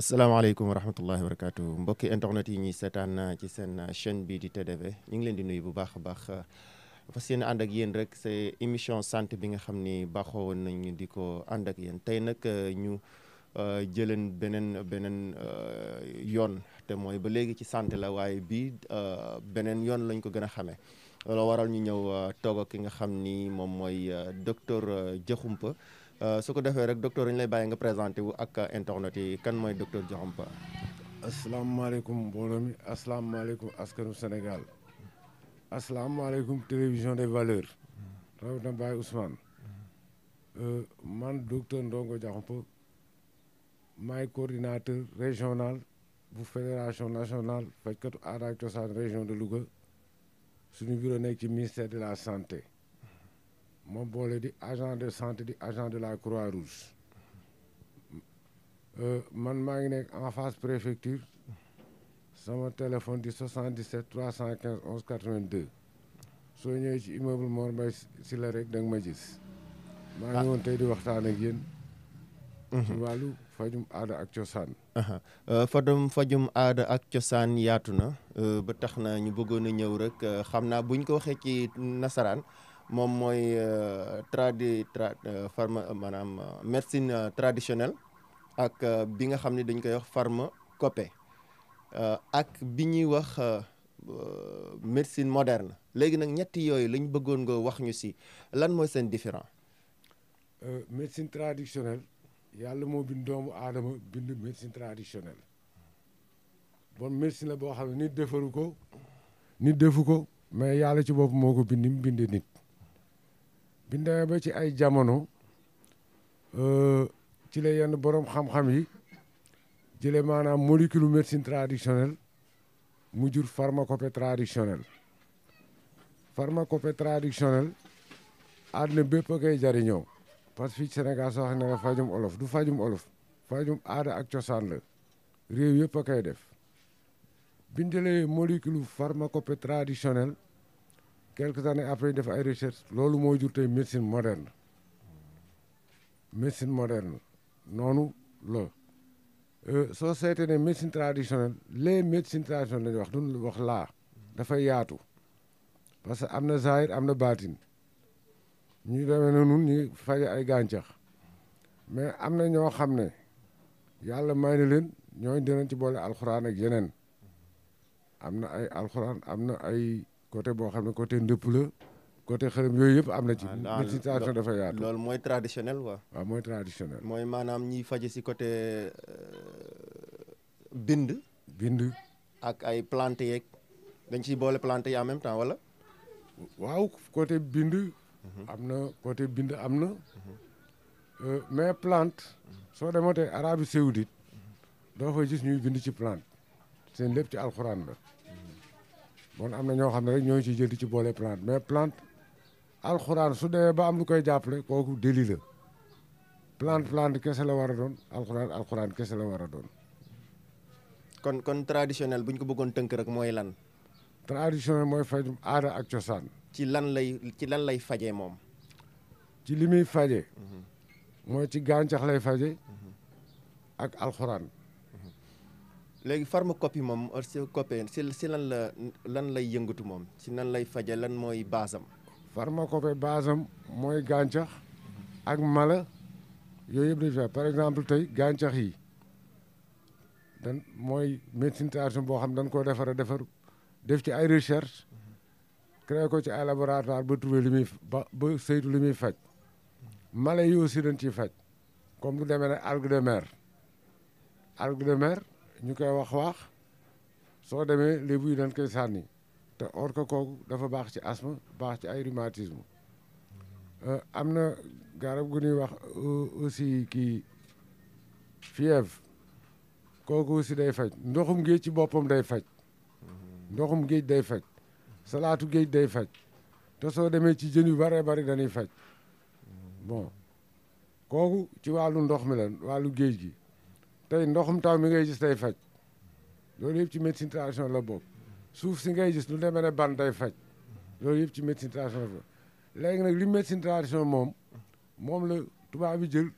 asalaamaaleykum wa rahmatullahi wa barakaatu mbokki internet yi ñuy seetaan uh, ci seen uh, chaîne bi di TDV ñu ngi leen di nuyu bu baax a baax uh, fas yéene ànd ak yéen rek c'est émission santé bi nga xam ni baaxoo woon nañu di ko ànd ak yéen tey nag ñu jëleen beneen beneen yoon te mooy ba léegi ci santé la waaye bii beneen yoon lañ ko gën a xamee loolu waral ñu ñëw toog ak ki nga xam ni moom mooy docteur Diakhoumpa Euh, su ko defee rek docteur ñu lay bàyyi nga présenté wu ak euh, internet yi kan mooy docteur Diakhoumpa. asalaamaaleykum mbooloo mi asalaamaaleykum askanu Sénégal asalaamaaleykum télévision des valeurs rawatina Baye Ousmane euh, man docteur Ndongo Diakhoumpa maay coordinateur régional bu fédération national fajkatu aada ak cosaan région de Louga suñu bureau nekk ci ministère de la santé. ma boole di agent de santé di agent de la Croix-Rouge euh, man maa ngi en face préfecture sama téléphone di 77 315 11 82 soo ñëwee ci immeuble Mor Mbaye la rek da nga ma gis. maa ngi woon tey di waxtaan ak yéen. Mhm. ci wàllu fajum aada ak cosaan. Euh, fadum fajum aada ak cosaan yatuna na euh, ba taxna ñu bëggoon a ñëw rek xamna buñ ko waxee ci nasaran moom mooy euh, tradi tra euh, pharma euh, maanaam médecine traditionnelle ak bi nga xam ne dañ koy wax pharmacopée ak bi ñuy wax médecine moderne léegi nag ñetti yooyu lañ bëggoon nga wax ñu si lan mooy seen différent médecine traditionnelle yàlla moo bind doomu aadama bind médecine traditionnelle bon médecine la boo xam ne nit defaru ko nit defu ko mais yàlla ci bopp moo ko bind mu bind nit biñ demee ba ci ay jamono euh, ci la yenn borom xam-xam yi jëlee maanaam molécule médecine traditionnelle mu jur pharmacopée traditionnelle pharmacopée traditionnelle àdduna bépp a koy jariñoo parce que fii Sénégal soo xam ne la fajum olof du fajum olof fajum aada ak cosaan la réew yëpp a koy def biñ jëlee molécule pharmacopée traditionnelle quelques années après def ay recherche loolu moo jur tey médecine moderne médecine moderne noonu la euh, soo seetee ne médecine traditionnelle les médecines traditionnelles lañuy wax duñ wax laa dafay yaatu parce que am na zahir am na baatin ñu deme na nun ñu faje ay gàncax mais am na ñoo xam ne yàlla may na leen ñooñu dinañ ci boole alxuraan ak yeneen am na ay alxuraan am na ay côté boo xam ne côté ndëpp la côté xërëm yooyu yëpp am na ci. méditation ah, dafa yaatu. loolu mooy traditionnel quoi. waaw mooy traditionnel. mooy maanaam ñiy faje si côté euh, bind. bind. ak ay plante yeeg dañ ciy boole plante yi en même temps wala. waaw côté bind. Mhm. am na côté bind am na. Mhm. Euh, mais plante. soo demoo tey Arabie Saoudite doo fa gis ñuy bind ci plant seen lépp ci alxuraan la. kon am na ñoo xam ne rek ñoo ci jël di ci boole plante mais plante alxuraan su demee ba am lu koy jàppale kooku déli la plante plante kese la war a doon alxuraan alxuraan kese la war a doon. kon kon traditionnel bu ñu ko bëggoon tënk rek mooy lan. traditionnel mooy fajum aada ak cosaan. ci lan lay ci lan lay fajee moom. ci li muy faje mhm. mooy ci gàncax lay faje mhm. ak alxuraan. léegi pharmacopée moom copé si si lan la lan lay yëngatu moom si nan lay faje lan mooy baasam pharmacopée baasam mooy gàncax ak mala yooyu yëpp dañu par exemple tey gàncax yi dan mooy médecine boo xam dañ koo defar defaru def ci ay recherche créé ko ci ay laboratoire ba trouvé li muy ba ba saytu li muy faj mala yi aussi dañ ciy faj comme lu demee na algue de ñu koy wax waax soo demee lébu yi dañ koy sànni te or ko kooku dafa baax ci asthme baax ci ay rhumatisme euh, am na garab gu ñuy wax euh, aussi kii fièvre kooku aussi day faj ndoxum géej ci boppam day faj ndoxum géej day faj salaatu géej day faj te soo demee ci jën yu bëree bëri dañuy faj bon kooku ci wàllu ndox mi la wàllu géej gi te ndoxum taw mi ngay gis tey faj loolu yëpp ci médecine traditionnelle la bokk suuf si ngay gis lu demee ne ban day faj loolu yëpp ci médecine traditionnelle la léegi nag li médecine moom moom la tubaab bi jël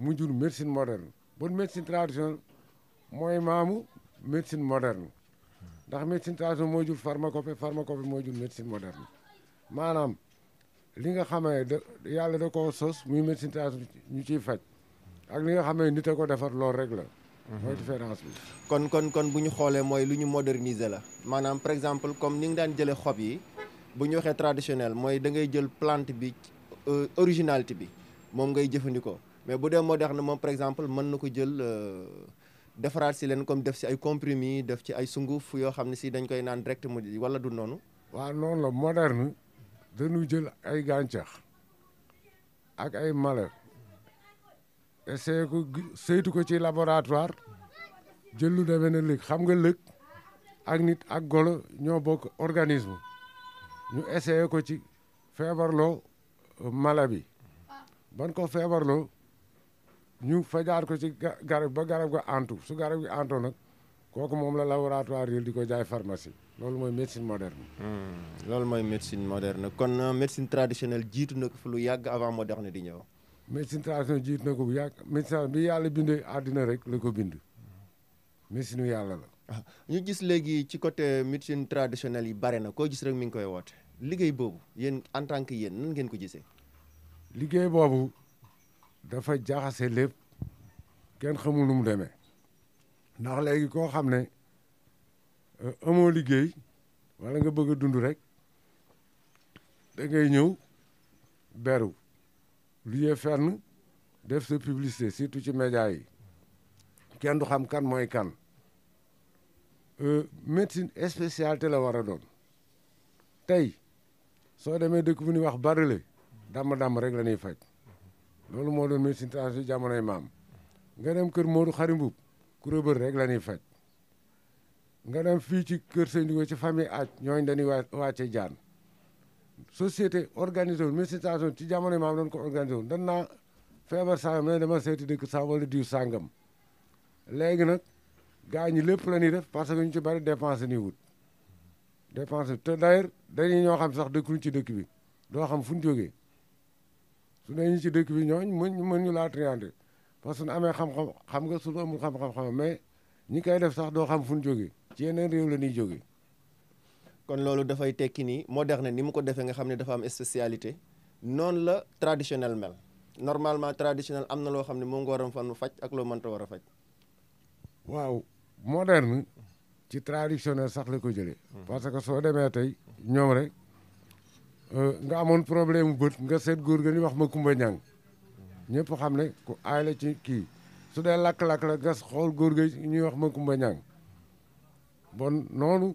mu jur médecine moderne bon médecine traditionnelle mooy maamu médecine moderne ndax médecine traditionnelle moo jur pharmacopée pharmacopée moo jur médecine moderne maanaam li nga xamee da yàlla da koo sos muy médecine traditionnelle ñu ciy faj ak li nga xamee nit ko defar loolu rek la mooy différence bi. kon kon kon bu ñu xoolee mooy lu ñu moderniser la maanaam par exemple comme ni nga daan jëlee xob yi bu ñu waxee traditionnel mooy da ngay jël plante bi euh, originalité bi moom ngay jëfandikoo mais bu dee moderne moom par exemple mën na ko jël. Euh, defaraat si leen comme def si ay comprimés def ci ay sunguf yoo xam ne si dañ koy naan direct mu wala du noonu. waaw noonu la moderne dañu jël ay gàncax ak ay mala essayé ko saytu ko ci laboratoire jël lu demee lëg xam nga lëg ak nit ak golo ñoo bokk organisme ñu essayé ko ci feebarloo euh, mala bi ban ko loo ñu fajaar ko ci garab ba garab ga antu su garab gi anto nag kooku moom la laboratoire yël di ko jaay pharmacie loolu mooy médecine moderne. Hmm, loolu mooy médecine moderne kon euh, médecine traditionnelle jiitu na ko fi lu yàgg avant moderne di ñëw. médecine traditionnelle jiit na ko bu yàgg médecine bi yàlla bindee àddina rek la ko bind médecine yàlla la. waaw ah, ñu gis léegi ci côté médecine traditionnelle yi bare na koo gis rek mi ngi koy woote liggéey boobu yéen en tant que yéen nan ngeen ko gisee. liggéey boobu dafa jaxase lépp kenn xamul nu mu demee ndax léegi koo xam ne euh, amoo liggéey wala nga bëgg a dund rek da ngay ñëw beru. luyee fenn def sa publicité surtout ci média yi kenn du xam kan mooy kan euh, médecine spécialité la war a doon tey soo demee dëkk bu ñuy wax barile dàmm-dàmm rek la ñuy faj loolu moo doon médecine traditionnelle jamonoy maam nga dem kër Modou Xarimbub ku rek la faj nga dem fii ci kër Sëñ ci famille aaj ñooñ dañuy wàcce jaan societé organisé wul méditation ci jamono yi maam doon ko organisé wul na naa feebar sangam ne dama seeti dëkk sa wala diw sangam léegi nag gaa ñi lépp la ñuy def parce que ñu ci bari dépense nii wut dépense te d'ailleurs dañuy ñoo xam sax dëkkuñu ci dëkk bi doo xam fu ñu jógee su ne ñu ci dëkk bi ñooñ mën mën ñu laa trianté parce que suñu amee xam-xam xam nga suñu amul xam-xam xam mais ñi koy def sax doo xam fu ñu jógee ci yeneen réew la ñuy jógee kon da fay tekki ni moderne ni mu ko defé nga xam ne dafa am spécialité non la traditionnel mel normalement traditionnel am lo loo mo ne ngi war a fan modern, ak lo man war wara fajj waaw moderne ci traditionnel sax la ko jëlé hmm. parce que so démé tay ñom rek euh, nga amone problème beut nga sét goor gëni wax ma Kumba Ñang hmm. ñepp xamné ku la ci ki su dé lak lak la gas xol goor ñuy wax ma Kumba Ñang bon nonu.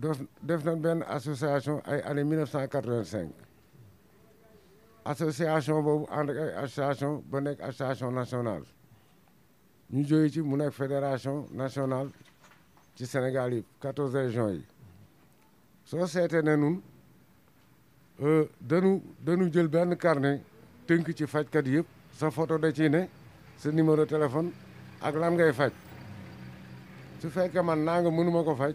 def def nañ benn association ay année 1985 association boobu ànd ak ay association ba nekk association nationale ñu jógee ci mu nekk fédération nationale ci Sénégal yi 14 régions yi soo seetee ne nun euh, dañu dañu jël benn carnet tënk ci fajkat yëpp sa photo da ciy ne sa numéro téléphone ak lan ngay faj su fekkee man naa nga mënuma ko faj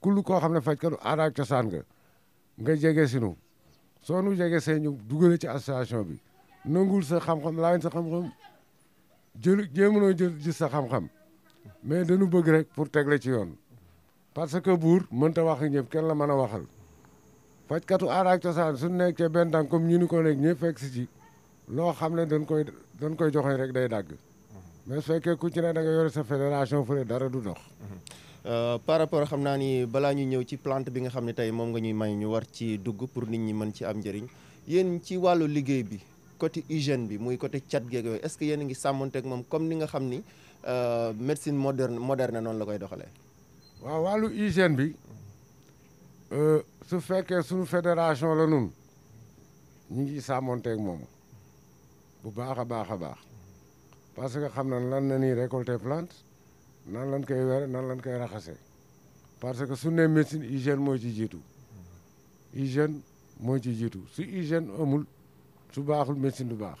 kullu koo xam ne fajkatu aada ak cosaan nga nga jege sinu soo nu jege see ñu dugale ci association bi nangul sa xam-xam laayoon sa xam-xam jël jéemunoo jël gis sa xam-xam mais danu bëgg rek pour tegle ci yoon parce que buur mënta wax ak ñëpp kenn la mën a waxal fajkatu aada ak cosaan su nekkee benn tànk comme ñu ni ko nekk ñëpp fekk si ci loo xam ne dañ koy dañ koy joxe rek day dàgg mm-hmm. mais su fekkee ku ci ne da nga yore sa fédération fële dara du dox mm-hmm. Euh, par rapport xam naa ni balaa ñu ñëw ci plante bi nga xam ne tey moom nga ñuy may ñu war ci dugg pour nit ñi mën ci am njariñ yéen ci wàllu liggéey bi côté hygiène bi muy côté cat geeg yooyu est-ce que yéen ngi sàmmanteeg moom comme ni nga xam ni euh, médecine moderne moderne noonu la koy doxalee. waaw wàllu hygiène bi euh, su fekkee suñu fédération la nun ñu moom bu baax a baax a baax parce que xam na lan la ñuy récolter plante. nan lan koy were nan lañ koy raxasee parce que su ne médecine hygiène moo ci jiitu hygiène mooy ci jiitu su hygiène amul su baaxul médecine du baax.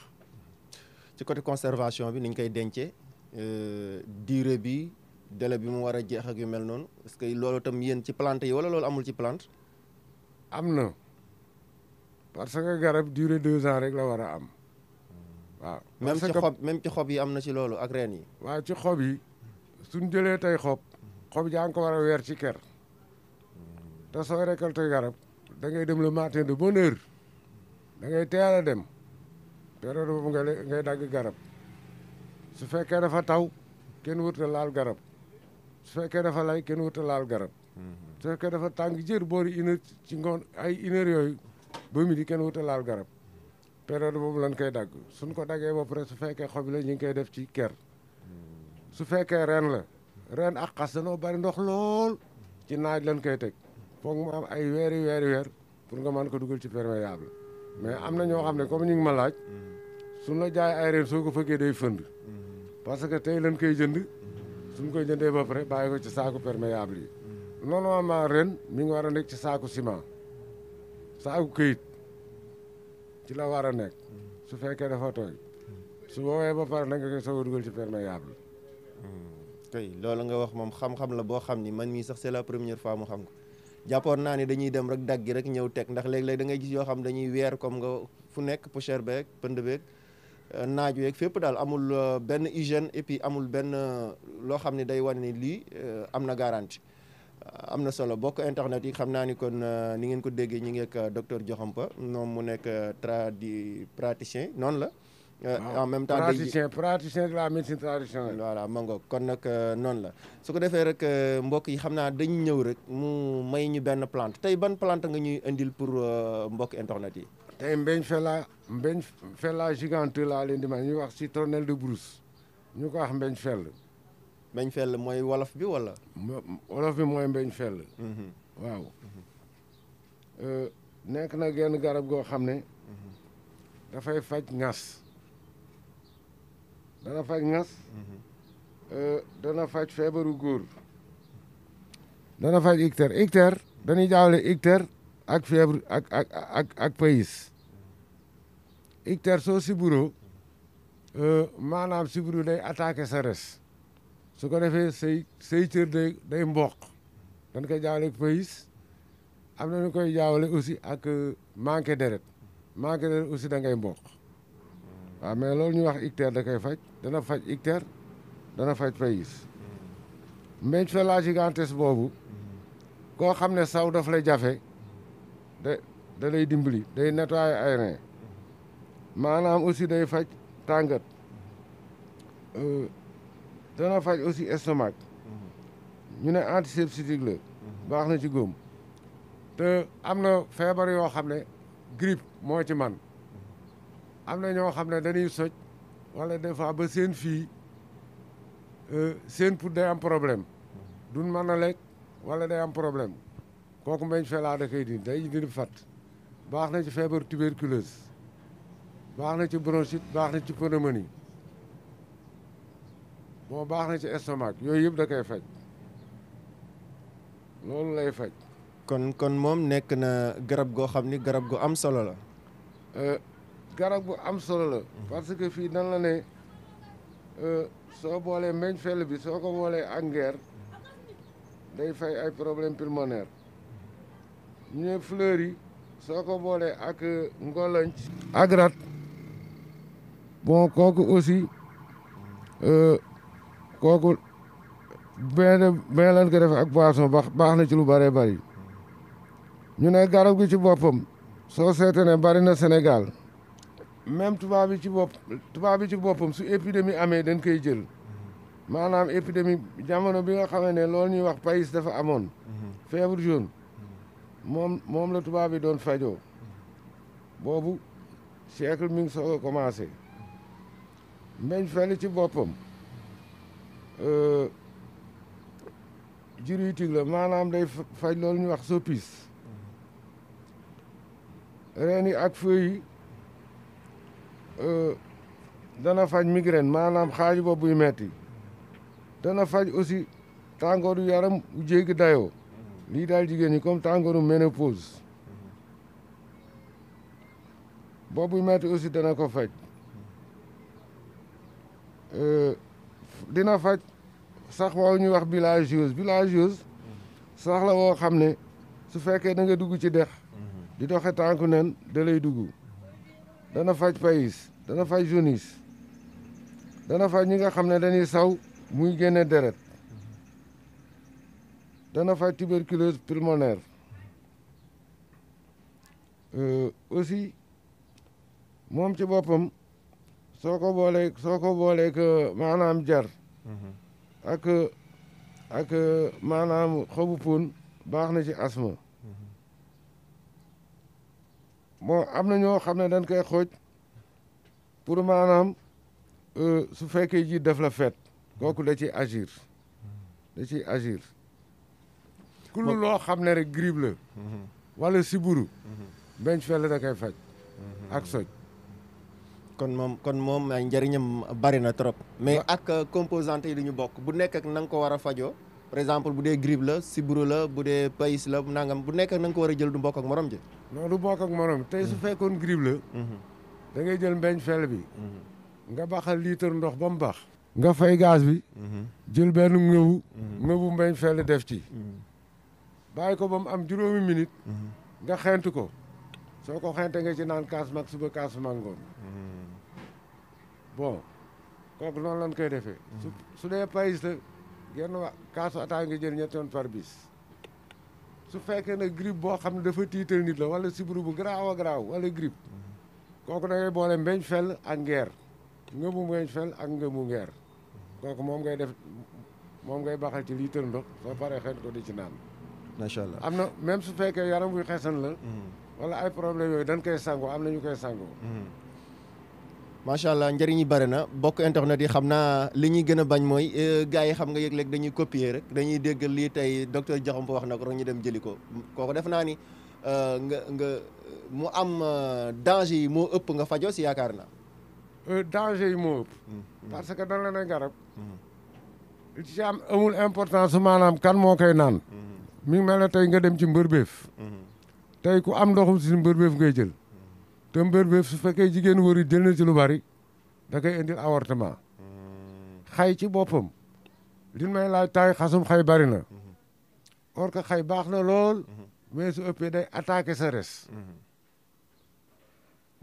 ci côté conservation bi niñ ñu koy dencee euh, durée bi délai bi mu war a jeex ak yu mel noonu est que loolu tam yéen ci plante yi wala loolu amul ci plante. am na parce que garab durée deux ans rek la war a am. waaw même ci xob même ci xob yi am na ci loolu ak reen yi. waaw ci xob yi. suñ jëlee tey xob xob jaa ko war a weer ci ker te sooy récolté garab da ngay dem le matin de bonne heure da ngay teel a dem période boobu nga ngay dagg garab su fekkee dafa taw kenn wut laal garab su fekkee dafa lay kenn wut laal garab su fekkee dafa tàng jër boori une heure ci ngoon ay une heure yooyu ba midi kenn wut laal garab période boobu lañ koy dagg suñ ko daggee ba pare su fekkee xob la ñu ngi koy def ci ker. su fekkee ren la ren ak xas danoo bari ndox lool ci naaj leen koy teg foog mu am ay weeri weeri weer pour nga mën ko dugal ci perméable mais am na ñoo xam ne comme ñu ngi ma laaj suñ la jaay ay reen soo ko fëggee day fënd parce que tey leen koy jënd suñ koy jëndee ba pare bàyyi ko ci saaku perméable yi normalement ren mi ngi war a nekk ci saaku ciment saaku këyit ci la war a nekk su fekkee dafa tooy su boobee ba pare na nga koy soog dugal ci perméable kay loolu nga wax moom xam-xam la boo xam ni man mii sax c'est la première fois mu xam ko jàppoon naa ni dañuy dem rek daggi rek ñëw teg ndax léeg-léeg dangay ngay gis yoo xam dañuy weer comme nga fu nekk poussière beeg pënd beeg euh, naaj week fépp daal amul euh, benn hygiène et puis amul benn euh, loo xam ne day wane ni lii am na garantie am na solo bokk internet yi xam naa ni kon ni ngeen ko déggee ñi ngeek docteur Diakhampa moom mu nekk di praticien noonu la Euh, en même temps praticien praticien de la médecine traditionnelle. voilà mango kon nag euh, noon la su ko defee rek euh, mbokk yi xam naa dañ ñëw rek mu may ñu benn plant tey ban plante nga ñuy indil pour mbokk internet yi. tey mbeñ fela mbeñ fela gigante laa leen di may ñuy wax citronnelle de brousse ñu ko wax mbeñ fell. mbeñ fell mooy wolof bi wala. wolof bi mooy mbeñ fell. Mhm. Mhm. nekk na genn garab goo xam ne. Mhm. dafay faj ngas. dana faj ngas mm-hmm. dana faj feebaru góor dana faj ictère ictère dañuy jaawle ictère ak fièvre ak ak ak ak pays ictère soo siburo euh, maanaam siburo day attaque sa res su ko defee say say cër day day mboq dañ koy jaawle ak pays am na ñu koy jaawale aussi ak euh, manqué deret manqué deret aussi da ngay mboq mm-hmm. waaw mais loolu ñuy wax ictère da koy faj dana faj ictère dana faj pays mbeñ fa la gigantes boobu koo xam ne saw daf lay jafe da da lay dimbali day nettoyer ay rein maanaam aussi day faj tàngat euh, dana faj aussi estomac ñu ne antiseptique la baax na ci góom te am na feebar yoo xam ne grippe moo ci man am na ñoo xam ne dañuy soj wala des fois ba seen fii euh, seen pour day am problème duñ mën a lekk wala day am problème kooku meñ felaa da koy dindi day dindi fat baax na ci feebar tuberculose baax na ci bronchite baax na ci pneumonie bon baax na ci estomac yooyu yëpp da koy faj loolu lay faj kon kon moom nekk na garab goo xam ni garab gu am solo la euh, garab bu am solo la mhm. parce que fi nan la euh so bolé meñ fell bi so ko boolee ak ngeer day fay ay problème pulmonaire ñe fleur yi soo ko boolee ak euh, ngolanc ak rat bon koku aussi euh benn ben lan ko def ak boisson bax baax na ci lu bëree bari ñu né garab gi ci bopam so seetee ne bari na Sénégal même tubaab bi ci bopp tubaab bi ci boppam su épidémie amee dañ koy jël maanaam épidémie jamono bi nga xamee ne loolu ñuy wax pays dafa amoon fièvre jaune moom moom la tubaab bi doon fajoo boobu siècle mi ngi soog commencé mbeñ feli ci boppam euh, juridique tigle maanaam day faj loolu ñuy wax soppis reen yi ak feuilles yi Euh, dana faj migraine maanaam xaaju ba buy metti dana faj aussi tàngooru yaram bu jéggi dayoo lii daal jigéen ñi comme tàngooru ménopause boobu metti aussi dana ko faj euh, dina faj sax waaw ñuy wax bilagieuse bilagieuse sax la woo xam ne su fekkee da nga dugg ci dex di doxe tànku nen da lay dugg dana faj pays dana faj jaunisse dana faj ñi nga xam ne dañuy saw muy génne deret dana faj tuberculose pulmonaire euh, aussi moom ci boppam soo ko boolee soo ko boolee que maanaam jar mm-hmm. ak ak maanaam xobu pun baax na ci asma bon am na ñoo xam ne dañ koy xooj pour maanaam euh, su fekkee ji def la feet kooku da ci agir da ciy agir ku lu loo xam ne rek grippe la wala siburu benn fell da koy faj ak soj kon moom kon moom ay njëriñam bari na trop mais ak composante yi li ñu bokk bu nekk ak na nga ko war a fajo par exemple bu dee grippe la sibbiru la bu dee pays la nangam bu nekk na ko war a jël du mbokk ak morom ji. non du mbokk tey su mm-hmm. fekkoon grippe la. Mm-hmm. da ngay jël mbeñ fel bi. Mm-hmm. nga baxal litre ndox ba mu bax nga fay gaz bi. jël benn ngëbu. ngëbu mbeñ fel def ci. bàyyi ko ba mu am juróomi minute. nga xent ko soo ko xente nga ci naan kaas mag suba kaas mangoon. bon kooku noonu lañ koy defee. su dee pays la. genn wa kaasu ataaya nga jël ñetti yoon par bis su fekkee ne grippe boo xam ne dafa tiital nit la wala sibru bu garaaw a garaaw wala grippe kooku da ngay boole mbeñ fel ak ngeer ngëmu mbeñ fel ak ngëmu ngeer kooku moom ngay def moom ngay baxal ci liitar ndox soo paree xet ko di ci naan macha allah am na même su fekkee yaram wuy xesan la mm-hmm. wala ay problème yooyu dan koy sango am na ñu koy sango mm-hmm. macha allah njëriñ yi bëri na bokk internet yi xam naa li ñuy gën a bañ mooy euh, gars yi xam nga yëg léeg dañuy copier rek dañuy dégg lii tey docteur Diakhoumpa wax na ko rek ñu dem jëli ko kooku def naa ni euh, nga nga mu am euh, danger yi moo ëpp nga fajoo si yaakaar na danger yi moo ëpp. Hmm, hmm. parce que dañ la ne importance maanaam kan moo naan. Hmm. mi tey nga dem ci mbërbeef. tey ku am ndoxum si mbërbeef ngay jël. te mbër bi su fekkee jigéen wër yi jël na ci lu bari da koy indil avortement xay ci boppam li may laaj taay xasum xay bari na or que xay baax na lool mais su ëppee day attaqué sa res.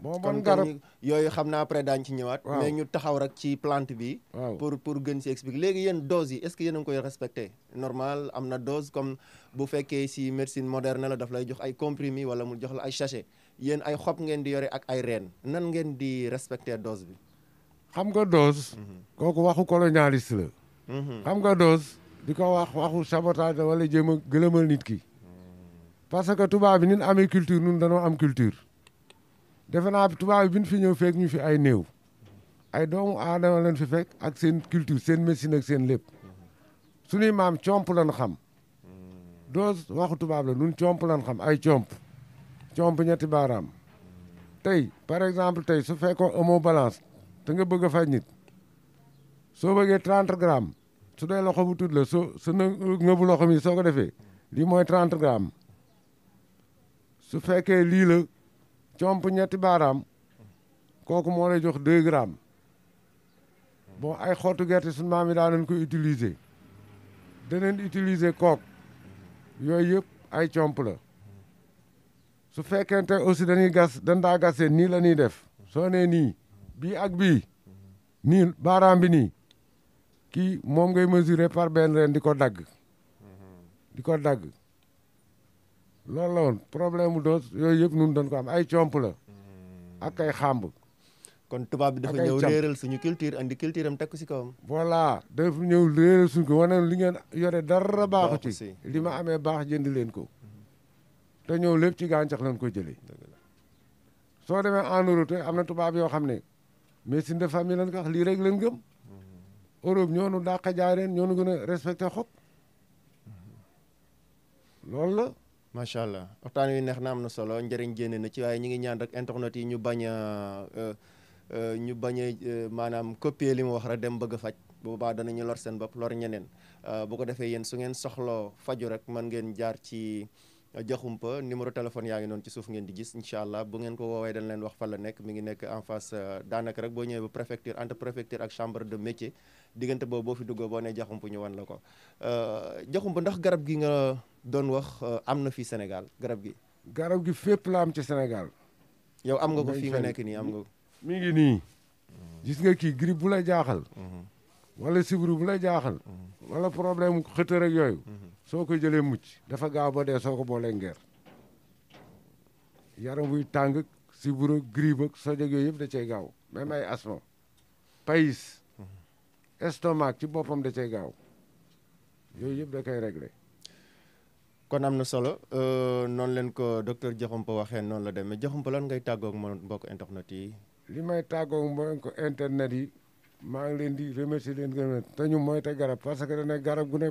bon man garab yooyu xam naa après daañu ci ñëwaat. mais ñu taxaw rek ci plante bi. waaw pour pour gën si expliquer léegi yéen dose yi est-ce que yéen koy respecté normal am na dose comme bu fekkee si médecine moderne la daf lay jox ay comprimés wala mu jox la ay sachet. yéen ay xob ngeen di yore ak ay reen nan ngeen di respecter dose bi. xam nga dose. kooku waxu colonialiste la. Mhm. xam nga doos di ko wax waxu sabotage wala jéem a gëlëmal nit ki. parce que tubaab bi nin amee culture nun danoo am culture. defe naa tubaab bi ñu fi ñëw fekk ñu fi ay néew. ay doomu aadama leen fi fekk ak seen culture seen médecine ak seen lépp. suñuy maam comp lan xam. Mhm. dose waxu tubaab la nun comp lan xam ay comp. comp ñetti baaraam tey par exemple tey su fekkoon amoo balance te nga bëgg a faj nit soo bëggee 30 grammes su dee loxo bu tudd la soo su na ngëbu loxo mi soo ko defee lii mooy 30 grammes su fekkee lii la comp ñetti baaraam kooku moo lay jox 2 grammes bon ay xottu gerte suñu maam yi daan nañ ko utiliser danañ utiliser kook yooyu yëpp ay comp la su fekkente aussi dañuy gas dañ daa gasee nii la def soo nee nii bii ak bii nii baaraam bi nii kii moom ngay mesurer par benn reen di ko dagg di ko dagg loolu la woon problème mu yooyu yëpp nun dañ ko am ay comp la ak ay xàmb kon tubaab bi dafa ñëw réeral suñu culture andi culture am takku si kawam. voilà dafa ñëw réeral suñu ko li ngeen yore dara baaxu ci li ma amee baax jënd leen ko te ñëw lépp ci gàncax lañ koy jëlee so demee en route amna na tubaab yoo xam médecine de famille lañ ko wax lii rek lañ gëm Europe ñoo nu dàq jaay ren gëna respecté xop lool la. allah waxtaan wi neex na amna solo ndariñ génne na ci waaye ñi ngi ñaan rek internet yi ñu bañ a euh, euh, ñu baña euh, manam copier limu wax ra dem bëgg fajj bu ba da nañu lor seen bop lor ñeneen bu ko defé yeen su ngeen soxlo faju rek man ngeen jaar ci. Diakhoumpa numéro téléphone yaa ngi noonu ci suuf ngeen di gis incha allah bu ngeen ko woowee dañ leen wax fan la nekk mi ngi nekk en face euh, daanaka rek boo ñëwee ba préfecture entre préfecture ak chambre de métier diggante boobu boo fi duggoo boo nee Diakhoumpa ñu wan la ko euh, ndax garab gi nga doon wax euh, am na fii Sénégal garab gi. garab gi fépp la am ci Sénégal. yow am nga ko fii nga nekk nii am nga ko. mi ngi nii. gis nga kii grippe bu la jaaxal. Mhm. wala sibiru bu la jaaxal. Mhm. wala problème yooyu. Mhm. soo ko jëlee mucc dafa gaaw ba dee soo ko boolee ngeer yaram buy tàng si buro grippe ak soo jóg yooyu yëpp da cay gaaw même ay asthme pays estomac ci boppam da cay gaaw yooyu yëpp da koy réglé. kon am na solo euh, noonu leen ko docteur Diakhoumpa waxee noon la demee Diakhoumpa lan ngay tàggoog moom mbokk internet yi. li may tàggoog mooy ko internet yi maa ngi leen di remercier leen gërëm te ñu moyte garab parce que dana garab gu ne.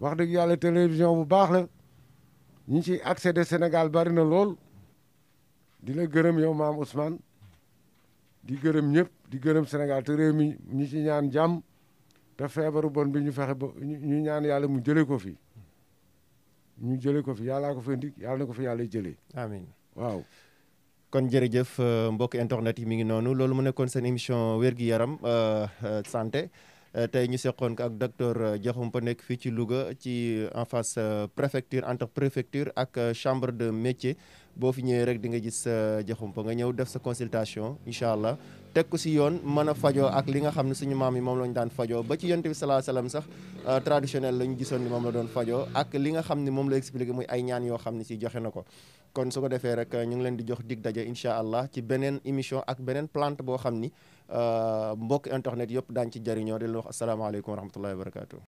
wax dëgg yàlla télévision bu baax la ñi ci accéder Sénégal bari na lool di la gërëm yow maam Ousmane di gërëm ñëpp di gërëm Sénégal te réew mi ñi ci ñaan jàmm te feebaru bon bi ñu fexe ba ñu ñaan yàlla mu jëlee ko fi ñu jële ko fi yàllaa ko fi indi yàlla na ko fi yàlla jëlee. amiin waaw. kon jërëjëf mbokk internet yi mi ngi noonu loolu mu nekkoon seen émission wér gi yaram euh, euh, santé. Euh, tey ñu seqoon ko ak docteur euh, Diakhoumpa nekk fii ci Louga ci euh, en face préfecture entre préfecture ak chambre de métier boo fi ñëwee rek di nga gis Diakhoumpa nga ñëw def sa consultation incha allah. teg ko si yoon mën a fajoo ak li nga xam ne suñu maam yi moom la ñu daan fajoo ba ci yonent bi salaa salaam sax euh, traditionnel lañu gisoon ni moom la doon fajoo ak li nga xam ne moom la expliqué muy ay ñaan yoo xam ne si joxe na ko kon su ko defee rek ñu ngi leen di jox dig daje incha allah ci beneen émission ak beneen plant boo xam ni euh, mbokk internet yëpp daañu ci jariñoo di leen wax asalaamaaleykum wa rahmatullahi wa barakatu